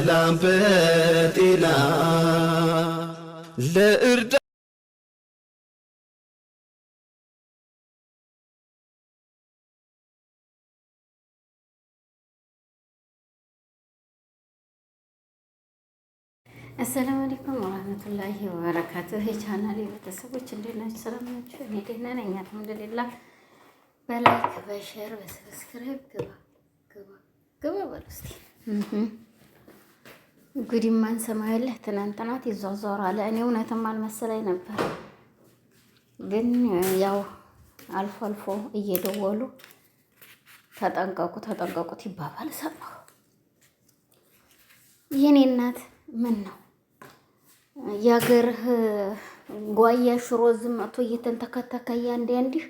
በሰላም በጤና ለእርዳ አሰላሙ አለይኩም ወራህመቱላሂ ወበረካቱህ። የቻናል ቤተሰቦች እንዴት ናችሁ? ሰላም ናችሁ? እኔ ደህና ነኝ አልሐምዱሊላህ። በላይክ በሸር በሰብስክራይብ ግባ ግባ ግባ በሉ እስኪ ጉድ ማን ሰማያለህ? ትናንትናት ይዟዟራል። እኔ እውነትም አልመሰለኝ ነበር፣ ግን ያው አልፎ አልፎ እየደወሉ ተጠንቀቁ ተጠንቀቁት ይባባል ሰማሁ። የኔ እናት ምን ነው የአገርህ ጓያ ሽሮ ዝመቶ መቶ እየተንተከተከ ያንዴ እንዲህ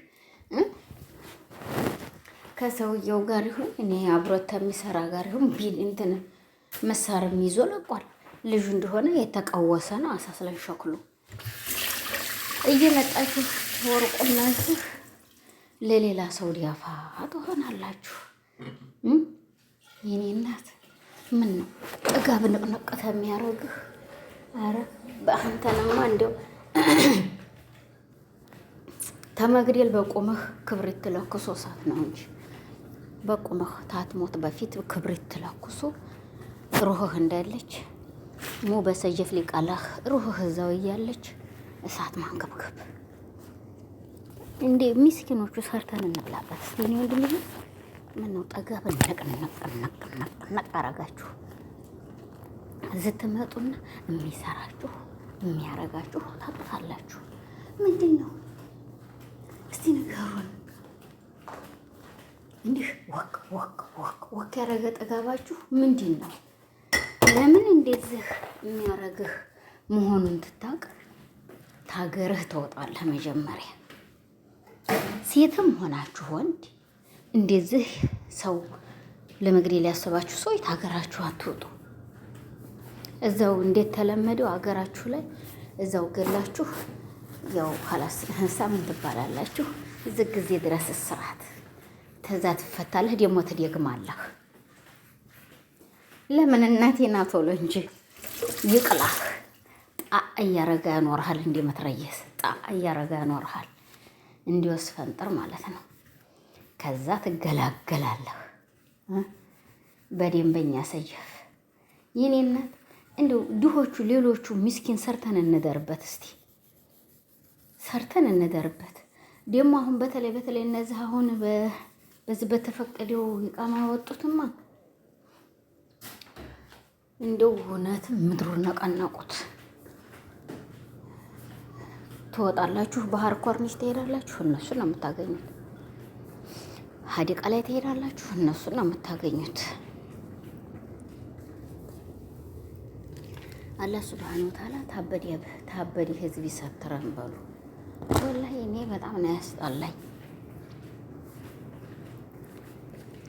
ከሰውየው ጋር ይሁን እኔ አብሮት ከሚሰራ ጋር ይሁን ቢል እንትንም መሳርም ይዞ ለቋል። ልጁ እንደሆነ የተቀወሰ ነው። አሳስለን ሸክሉ እየመጣችሁ ወርቁና እዚህ ለሌላ ሰው ዲያፋ ትሆናላችሁ። የኔ እናት ምን ነው ጥጋብ ንቅንቅ የሚያደርግህ? አረ በአንተንማ እንዲያው ተመግደል በቁምህ ክብሪት ለኩሶ ሳት ነው እንጂ በቁምህ ታትሞት በፊት ክብሪት ለኩሶ ሩህህ እንዳለች ሙ በሰየፍ ሊቃላህ ሩህህ እዛው እያለች እሳት ማንከብከብ እንዴ! ሚስኪኖቹ ሰርተን እንብላበት። እስቲ እኔ ወንድም ይሁን ምን ነው ጠጋ በነቅ ነቅ ነቅ ነቅ አረጋችሁ ዝትመጡና የሚሰራችሁ የሚያረጋችሁ ታጥፋላችሁ። ምንድን ነው እስቲ ንገሩን። እንዲህ ወቅ ወቅ ወቅ ወቅ ያረገ ጠጋባችሁ ምንድን ነው? ለምን እንደዚህ የሚያረግህ መሆኑን ትታቅ ታገርህ ተወጣለህ። መጀመሪያ ሴትም ሆናችሁ ወንድ እንደዚህ ሰው ለመግደል ያሰባችሁ ሰዎች ታገራችሁ አትወጡ። እዛው እንዴት ተለመደው አገራችሁ ላይ እዛው ገላችሁ ያው ኋላስ ሳምን ትባላላችሁ። እዚህ ጊዜ ድረስ ስርዓት ተዛ ትፈታለህ፣ ደግሞ ትደግማለህ። ለምን እናቴ ና ቶሎ እንጂ ይቅላ ጣ እያረጋ ያኖርሃል። እንዲ መትረየስ ጣ እያረጋ ያኖርሃል። ፈንጥር ማለት ነው። ከዛ ትገላገላለህ። በደንበኛ ሰየፍ የኔ እናት እንዲሁ ድሆቹ ሌሎቹ ምስኪን ሰርተን እንደርበት፣ እስቲ ሰርተን እንደርበት። ደግሞ አሁን በተለይ በተለይ እነዚህ አሁን በዚህ በተፈቀደው ይቃማ ወጡትማ እንደው እውነትም ምድሩን ነቀነቁት። ትወጣላችሁ፣ ባህር ኮርኒስ ትሄዳላችሁ፣ እነሱን ነው የምታገኙት። ሀዲቃ ላይ ትሄዳላችሁ፣ እነሱን ነው የምታገኙት። አላህ ስብሐነ ወተዓላ ታበድ የብህ ታበድ ህዝብ ይሰትረን በሉ። ወላሂ እኔ በጣም ነው ያስጣላኝ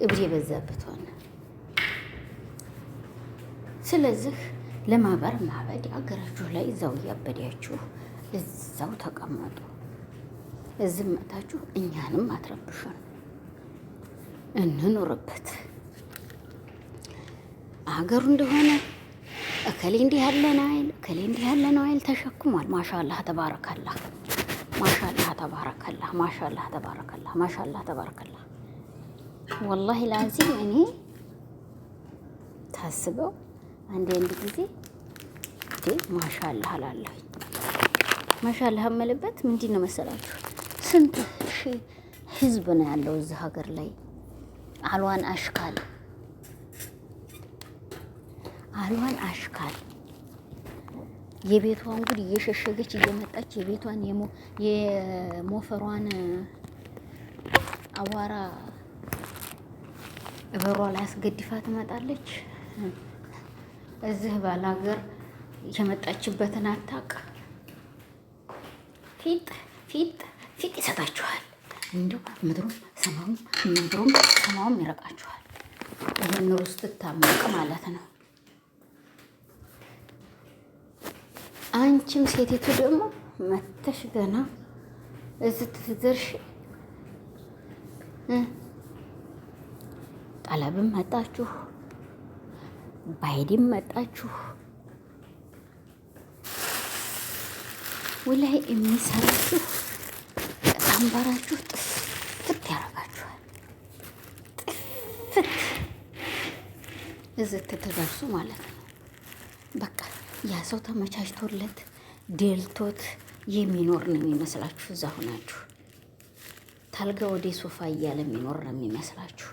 እብድ የበዛበት ሆነ። ስለዚህ ለማበር ማበድ አገራችሁ ላይ እዛው እያበዳችሁ እዛው ተቀመጡ። እዚህ መጣችሁ እኛንም አትረብሹን፣ እንኖርበት። አገሩ እንደሆነ እከሌ እንዲህ ያለ ነው አይል እከሌ እንዲህ ያለ ነው አይል ተሸክሟል። ማሻላህ ተባረካላህ፣ ማሻላህ ተባረካላህ፣ ማሻላህ ተባረካላህ፣ ማሻላህ ተባረካላህ። ወላሂ ላዚም እኔ ታስበው አንድ አንድ ጊዜ እንዴ ማሻአላህ አላለሁ። ማሻአላህ አመለበት ምንድን ነው መሰላችሁ፣ ስንት ሺ ህዝብ ነው ያለው እዚህ ሀገር ላይ አልዋን አሽካል አልዋን አሽካል የቤቷን ጉድ እየሸሸገች እየመጣች የቤቷን የሞፈሯን አቧራ እበሯ ላይ አስገድፋ ትመጣለች። እዚህ ባላገር የመጣችበትን አታውቅ። ፊጥ ፊጥ ፊጥ ይሰጣችኋል። እንዲሁ ምድሩም ሰማዩም ምድሩም ሰማዩም ይረቃችኋል። ይህን ኑሮ ስትታመቅ ማለት ነው። አንቺም ሴቲቱ ደግሞ መተሽ ገና እዚህ ጠለብም መጣችሁ ባይድም መጣችሁ ውላይ የሚሰራችሁ ቀሳምባራችሁ ጥፍት ያደርጋችኋል። ጥፍት እዝት ትደርሱ ማለት ነው። በቃ ያ ሰው ተመቻችቶለት ደልቶት የሚኖር ነው የሚመስላችሁ። እዛ ሁናችሁ ታልጋ ወደ ሶፋ እያለ የሚኖር ነው የሚመስላችሁ።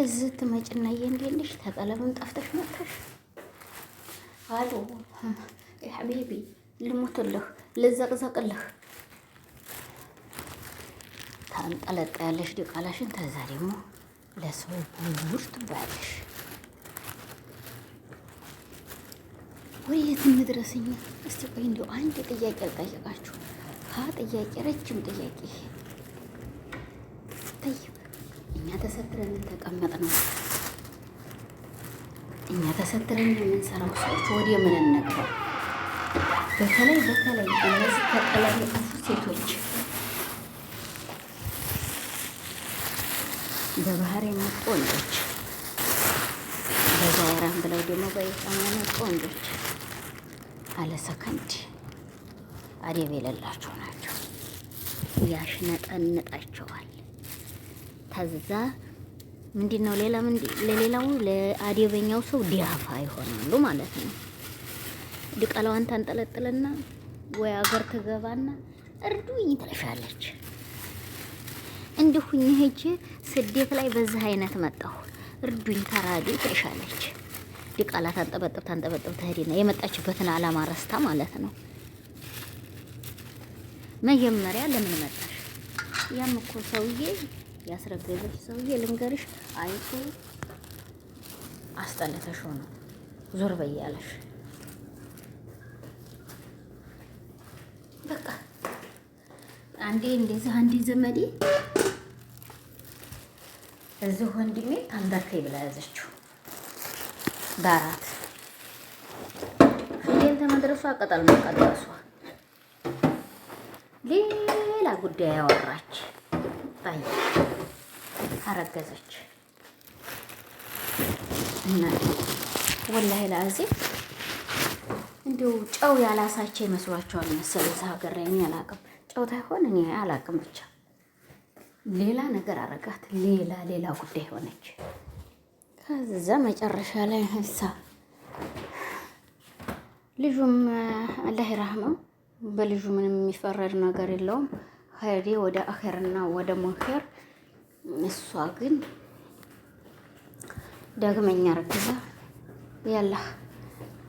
እዚህ ትመጭና እየንዴልሽ ተጠለብም ጠፍተሽ መጥተሽ አሉ ሐቢቢ ልሙትልህ ልዘቅዘቅልህ ታንጠለጠ ያለሽ ዲቃላሽን ተዛ ደግሞ ለሰው ጉዱር ትባያለሽ። ወየት እንድረስኛ? እስቲ ቆይ እንዲ አንድ ጥያቄ አልጠየቃችሁ። ሀ ጥያቄ ረጅም ጥያቄ እኛ ተሰትረን ተቀመጥ ነው። እኛ ተሰትረን የምንሰራው ሰዎች ወደ ምን እንግባው? በተለይ በተለይ እነዚህ ተጠለሚቀፉ ሴቶች በባህር የመጡ ወንዶች በዛይራን ብለው ደግሞ በኢቃማ የመጡ ወንዶች አለ ሰከንድ አደብ የሌላቸው ናቸው። ያሽነጠንጣቸዋል። ከዛ ምንድን ነው ሌላ ለሌላው ለአደበኛው ሰው ዲያፋ ይሆናሉ ማለት ነው። ድቃላዋን ታንጠለጥልና ወይ አገር ትገባና እርዱኝ ትለሻለች። እንዲሁኝ ሄጄ ስደት ላይ በዚህ አይነት መጣሁ እርዱኝ ተራዱ ትለሻለች። ድቃላ ታንጠበጥብ ታንጠበጥብ ትሄድና የመጣችበትን አላማ ረስታ ማለት ነው። መጀመሪያ ለምን መጣሽ? ያም እኮ ሰውዬ ያስረገዘች ሰውዬ ልንገርሽ፣ አይቶ አስጠልተሽ ነው ዞር በያለሽ። በቃ አንዴ እንደዚህ አንዴ ዘመዴ እዚህ ወንድሜ ታንበርከይ ብላ ያዘችው በአራት ፊደል ተመድረሷ ቅጠል መቀደሷ ሌላ ጉዳይ ያወራች ባይ አረገዘች እና ወላሂ ለአዜ እንዲሁ ጨው ያላሳቸ ይመስሏቸዋል መሰል እዛ ሀገር ላይ እኔ አላቅም፣ ጨው ታይሆን እኔ አላቅም። ብቻ ሌላ ነገር አረጋት፣ ሌላ ሌላ ጉዳይ ሆነች። ከዛ መጨረሻ ላይ ሀሳ ልጁም አላህ ይራህመው፣ በልጁ ምንም የሚፈረድ ነገር የለውም። ኸይሬ ወደ አኸርና ወደ ሞኸር እሷ ግን ዳግመኛ ረግዛ ያላ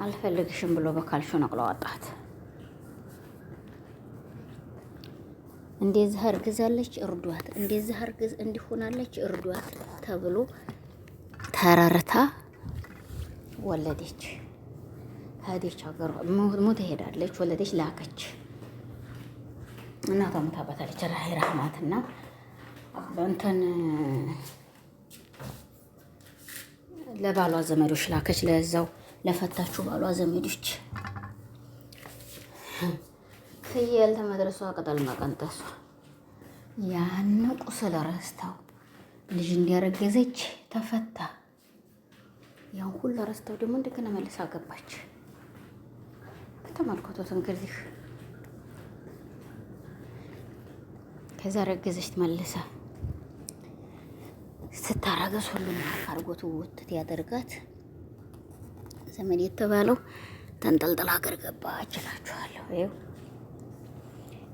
አልፈልግሽም ብሎ በካልሾ ነቅሎ አወጣት። እንደዚህ አርግዛለች እርዷት፣ እንደዚህ አርግዝ እንዲሆናለች እርዷት ተብሎ ተረርታ ወለደች። ሄደች፣ ሀገሯ ሞት ሄዳለች፣ ወለደች፣ ላከች። እናቷ ሙታባታለች። ራሄ ራህማት እና እንትን ለባሏ ዘመዶች ላከች። ለዛው ለፈታችሁ ባሏ ዘመዶች ፍየል ተመድረሷ ቅጠል መቀንጠሷ ያን ቁስል ረስተው ልጅ እንዲያረገዘች ተፈታ። ያን ሁሉ ረስተው ደግሞ እንደገና መልሳ ገባች። ከተመልከቱት እንግዲህ ከዛ ረገዘች ተመልሳ ስታረገዝ ሁሉም አርጎት ውትት ያደርጋት ዘመድ የተባለው ተንጠልጥላ ሀገር ገባ እችላችኋለሁ። ይኸው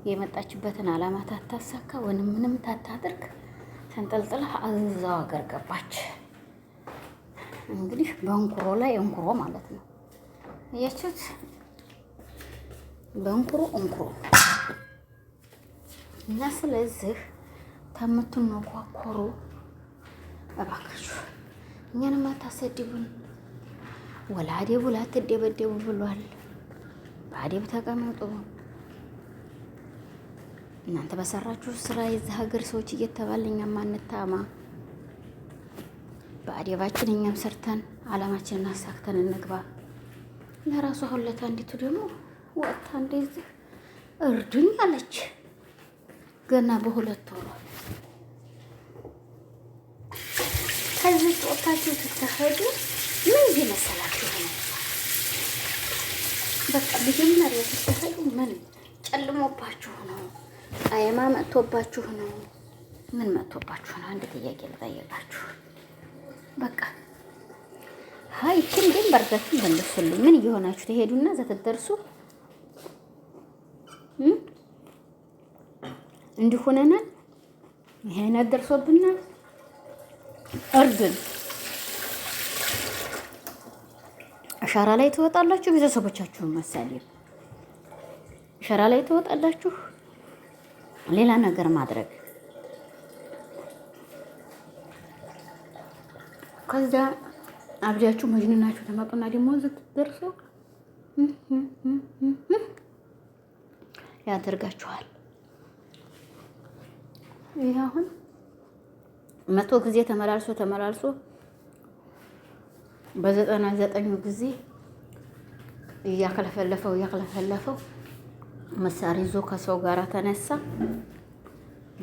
የመጣችበትን አላማ ታታሳካ ወይም ምንም ታታድርግ ተንጠልጥላ እዛው ሀገር ገባች። እንግዲህ በእንኩሮ ላይ እንኩሮ ማለት ነው። እያችሁት በእንኩሮ እንኩሮ እና ስለዚህ ከምትንኳኮሩ እባካችሁ እኛንም አታሰድቡን። ወላአዴቡ ላትደበደቡ ብሏል። በአዴብ ተቀመጡ። እናንተ በሰራችሁ ስራ የዚህ ሀገር ሰዎች እየተባለ እኛም አንታማ። በአዴባችን እኛም ሰርተን አላማችንን አሳክተን እንግባ። ለራሱ ሁለት አንዲቱ ደግሞ ወጥታ እንደዚህ እርዱኝ አለች። ገና በሁለት ወሯ ከዚህ ጦታችሁ ስትሄዱ ምን ይመስላችሁ በቃ መጀመሪያ ስትሄዱ ምን ጨልሞባችሁ ነው? አየማ መጥቶባችሁ ነው? ምን መጥቶባችሁ ነው? አንድ ጥያቄ ልጠይቃችሁ። በቃ ሀይ ግን በርጋችሁ መልሱልኝ። ምን እየሆናችሁ ትሄዱና ዘትደርሱ እንዲሆነናል። ይሄ አይነት ደርሶብናል። እርዱን። አሻራ ላይ ትወጣላችሁ፣ ቤተሰቦቻችሁን መሳሌ አሻራ ላይ ትወጣላችሁ፣ ሌላ ነገር ማድረግ ከዛ አብዳችሁ መጅንናችሁ ተመጡና ደግሞ ስትደርሱ ያደርጋችኋል። ይህ አሁን መቶ ጊዜ ተመላልሶ ተመላልሶ በዘጠና ዘጠኙ ጊዜ እያክለፈለፈው እያክለፈለፈው መሳሪያ ይዞ ከሰው ጋር ተነሳ፣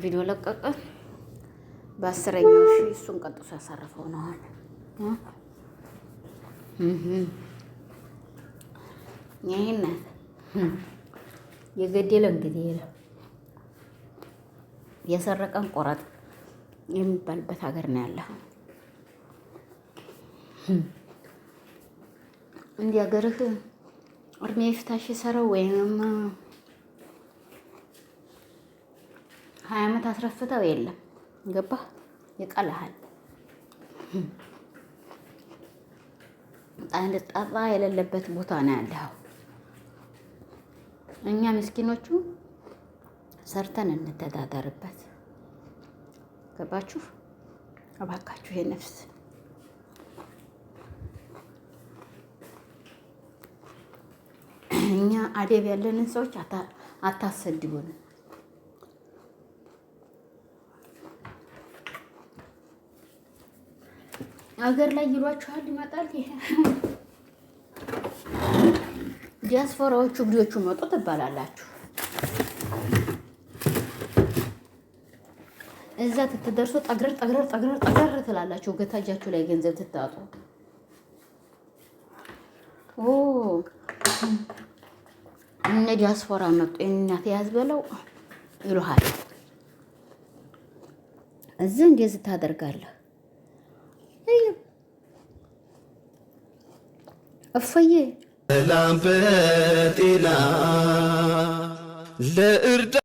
ቪዲዮ ለቀቀ። በአስረኛው ሺ እሱን ቀጥሶ ያሳረፈው ነው። አሁን ይህን የገደለ እንግዲህ የለም። የሰረቀን ቆረጥ የሚባልበት ሀገር ነው ያለ። እንዲህ ሀገርህ እድሜ ፍታሽ ሰረው ወይም ሀያ ዓመት አስረፍተው የለም ገባ ይቀልሃል። አንድ ጣጣ የሌለበት ቦታ ነው ያለው። እኛ ምስኪኖቹ ሰርተን እንተዳደርበት። ገባችሁ? እባካችሁ የነፍስ እኛ አደብ ያለንን ሰዎች አታሰድቡን። አገር ላይ ይሏችኋል፣ ይመጣል። ዲያስፖራዎቹ እብዶቹ መጡ ትባላላችሁ። እዛ ትትደርሱ ጠግረር ጠግረር ጠግረር ጠግረር ትላላችሁ። ገታጃችሁ ላይ ገንዘብ ትታጡ። ኦ እነ ዲያስፖራ መጡ እናት ያዝበለው ይሉሃል። እዚህ እንደዚህ ታደርጋለህ። እፈዬ ላምበጤላ ለእርዳ